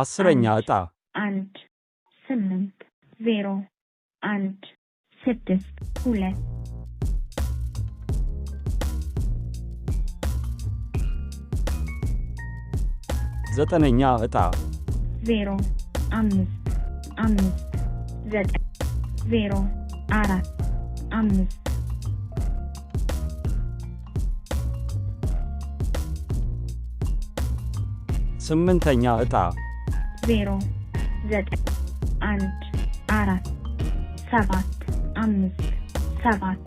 አስረኛ ዕጣ አንድ ስምንት ዜሮ አንድ ስድስት ሁለት ዘጠነኛ ዕጣ ዜሮ አምስት አምስት ዘጠኝ ዜሮ አራት አምስት ስምንተኛ ዕጣ ዜሮ ዘጠኝ አንድ አራት ሰባት አምስት ሰባት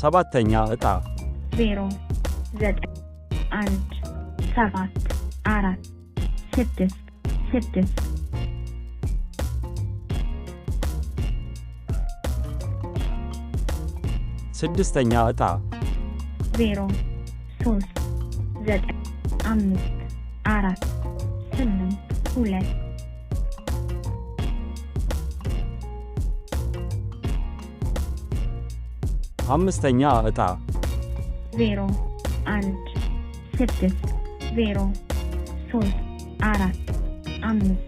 ሰባተኛ እጣ ዜሮ ዘጠኝ አንድ ሰባት አራት ስድስት ስድስት ስድስተኛ እጣ ዜሮ ሶስት ዘጠኝ አምስት አራት ስምንት ሁለት አምስተኛ እጣ ዜሮ አንድ ስድስት ዜሮ ሶስት አራት አምስት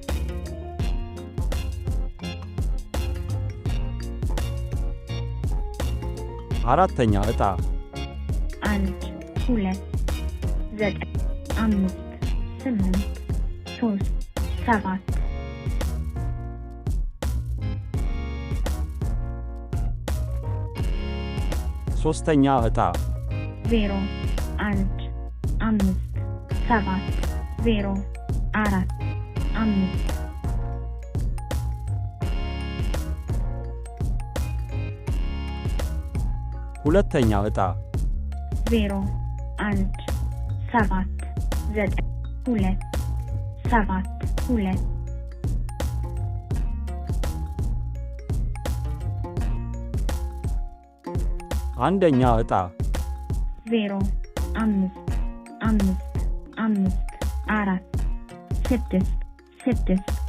አራተኛ እጣ አንድ ሁለት ዘጠኝ አምስት ስምንት ሶስት ሰባት ሶስተኛ እጣ ዜሮ አንድ አምስት ሰባት ዜሮ አራት አምስት ሁለተኛ እጣ ዜሮ አንድ ሰባት ዘጠኝ ሁለት ሰባት ሁለት አንደኛ እጣ ዜሮ አምስት አምስት አምስት አራት ስድስት ስድስት